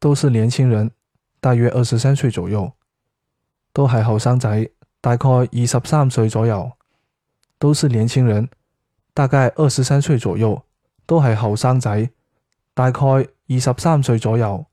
都是年輕人，大約二十三歲左右，都係後生仔，大概二十三歲左右。都是年輕人，大概二十三歲左右，都係後生仔，大概二十三歲左右。都